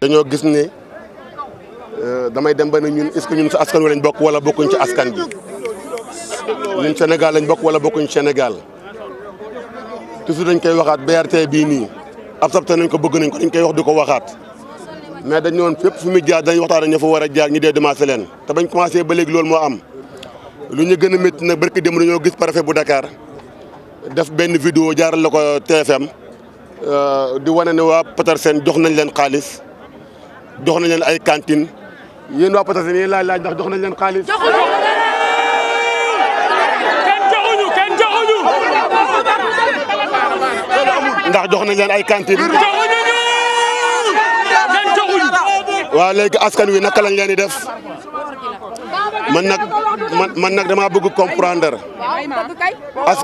dañoo gis ne euh, damay dem ba ne ñun est-ce que ñun sa askan wi lañ bokk wala bokkuñ ci askan bi ñun Sénégal lañ bokk wala bokkuñ Sénégal toujours dañ koy waxaat BRT bii nii ab sabte nañ ko bëgg nañ ko dañ koy wax di ko waxaat mais dañ woon fépp fu muy jaar dañ waxtaan dañ fa war a jaar ñu dee demancé leen te bañ commencé ba léegi loolu moo am lu ñu gën a métti nag barki dem dañoo gis préfet bu Dakar def benn vidéo jaaral la ko TFM euh, di wane ne waa Petersen jox nañ leen xaalis jox nañ leen ay cantine yéen waa Patasène yéen laaj laaj ndax jox nañ leen xaalis. ndax jox nañ leen ay cantine. waaw léegi askan wi naka lañ leen di def man nag man man nag damaa bëgg comprendre as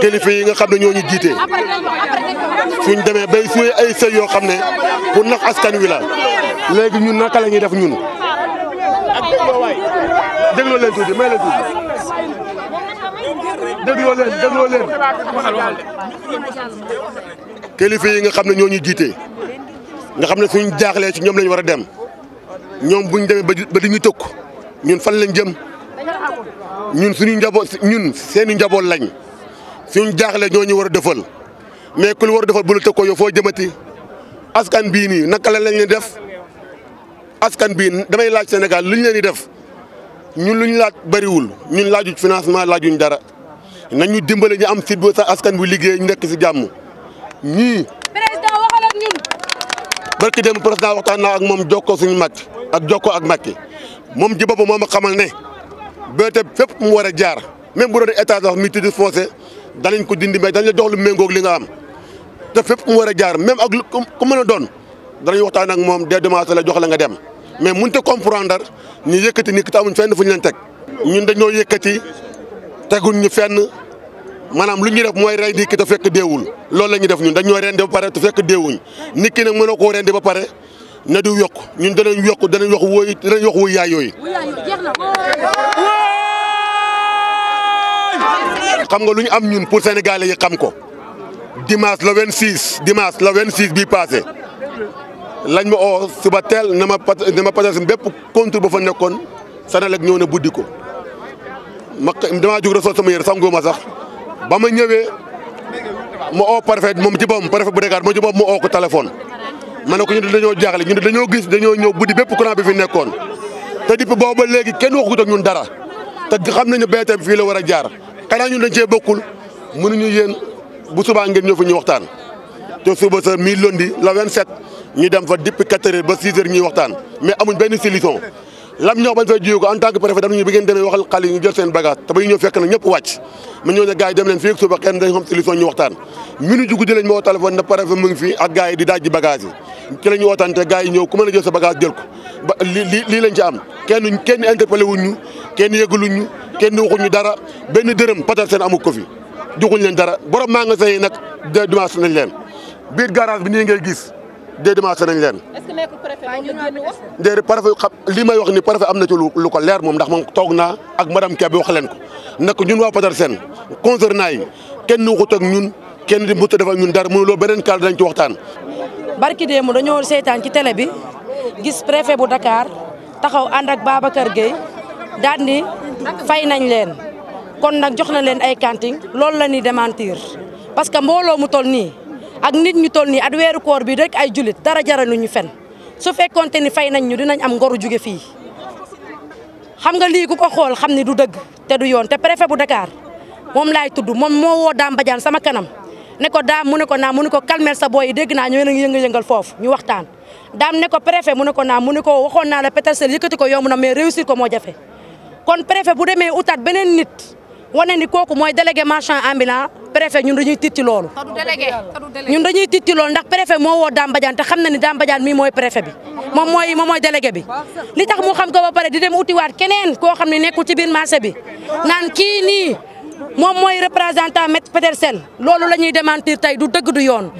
kilifa yi nga xam ne ñooñu jiite suñ demee bay suy ay sëy yoo xam ne pour nax askan wi la. léegi ñun naka lañuy def ñun. deglo len waay may la tuuti deglo len deglo len kilifa yi nga xamne ne ñoo ñu jiite nga xamne ne suñ jaaxlee ci ñom lañ wara dem ñom buñ démé ba diñu tok ñun fan lañ jëm ñun suñu njabo ñun seen njabo lañ suñ jaxlé ñoo ñu war defal mais ku lu war defal bu lu tëkkoo yo fo jëmati askan bi ni naka lañ leen def. askan bii damay laaj Sénégal lu ñu leen di def ñun lu ñu laaj bëriwul ñun laajuñ financement laajuñ dara nañu dimbale ñu am site askan bu liggéey ñu nekk si jàmm ñii. président waxal ak ñun. barki dem président waxtaan naa ak moom jokkoo suñu Macky ak jokkoo ak Macky moom ji boppam moo ma xamal ne BRT fépp mu war a jaar même bu doon état sax mi tudd foncé danañ ko dindi mais dañ la jox lu li nga am te fépp mu war a jaar même ak lu ku mën a doon. danañ waxtaan ak moom dès demain la jox la nga dem mais mënut a comprendre ñu yëkkati ni te amuñ fenn fu ñu leen teg. ñun dañoo yëkkati teguñ ñu fenn maanaam lu ñu def mooy rey nit ki te fekk deewul loolu la ñuy def ñun dañoo rendi ba pare te fekk deewuñ nit ki nag mënoo koo rendi ba pare na du yokk ñun danañ yokk danañ wax wóoy danañ wax wóoy yaay yooyu. xam nga lu ñu am ñun pour sénégalais yi xam ko dimanche le 26 dimanche le 26 bii passé. lañ ma o oo suba teel na ma pat na ma patal bépp contre ba fa nekkoon Senelec ñëw ne buddi ko ma damaa jóg sa sama yére sangoo ma sax ba ma ñëwee ma oo préfet moom ci boppam préfet bu Dakar moom ci boppam ma oo ko téléphone. ma ne ko ñun dañoo ñu ne dañoo gis dañoo ñëw buddi bépp courant bi fi nekkoon te depuis boobu ba léegi kenn waxut ak ñun dara te xam nañu BTP fii la war a jaar ñu xanaa ñun dañ cee nu ñu yéen bu subaa ngeen ñëw fi ñu waxtaan te suba sa mi lundi la 27. ñu dem fa depuis 4 ba 6 heures waxtaan mais amuñ benn solution lam ñoo bañ fay jiw ko en tant que préfet dañu ñu bi ngeen demee waxal xale yi ñu jël seen bagage te ba ñu ñëw fekk na ñëpp wàcc man ñoo ne gars dem leen fii ak suba kenn dañ xam solution waxtaan minu jugu di lañ ma woo téléphone na préfet mu ngi fii ak gars di daaj ji bagage yi ci la ñu waxtaan te gars yi a sa bagage jël ko lii lañ ci am kenn kenn interpellé wuñ ñu kenn yëgaluñ kenn waxuñ ñu dara benn dërëm patar seen amul ko fi joxuñ leen dara borom magasin yi nag dimanche nañ leen biir garage bi nii ngay gis dédommagé nañ leen. est-ce que nekkul préfet ñu génn wax. déedéet préfet xam li may wax ni préfet am na ci lu ko leer moom ndax moom toog naa ak madame Kébé wax leen ko nak ñun waa Petersen concernant yi kenn waxut ak ñun kenn di mënut a def ak ñun dara mënuloo beneen kàlla dañ ci waxtaan. barki démb dañoo seetaan ci télé bi gis préfet bu Dakar taxaw ànd ak Babacar Gueye daal ni fay nañ leen kon nag jox na leen ay cantine loolu la ñuy démentir parce que mbooloo mu toll nii. ak nit ñu toll nii at weeru koor bii rek ay jullit dara ñu fen su fekkonte ni fay nañ ñu dinañ am ngoru jóge fii xam nga lii ku ko xool xam ni du dëgg te du yoon te préfet bu dakaar moom laay tudd moom moo woo Dame Badiane sama kanam ne ko daam mu ne ko naa mu ne ko calmer sa boy yi dégg naa ñu ngi yënga-yëngal foofu ñu waxtaan daam ne ko préfet mu ne ko naa mu ne ko waxoon naa la Pétersen yëkkati ko yomb na mais réussir ko moo jafe kon préfet bu demee utaat beneen nit wane ni kooku mooy délégué marchand ambulant préfet ñun dañuy titti loolu. ñun dañuy titti loolu ndax préfet moo woo Dame Badiane te xam na ni Dame Badiane mii mooy préfet bi moom mooy moom mooy délégué bi. li tax mu xam ga ba pare di dem utiwaat keneen koo xam ne nekkul ci biir marché bi naan kii nii moom mooy représentant maître Petersen loolu la ñuy démentir tey du dëgg du yoon.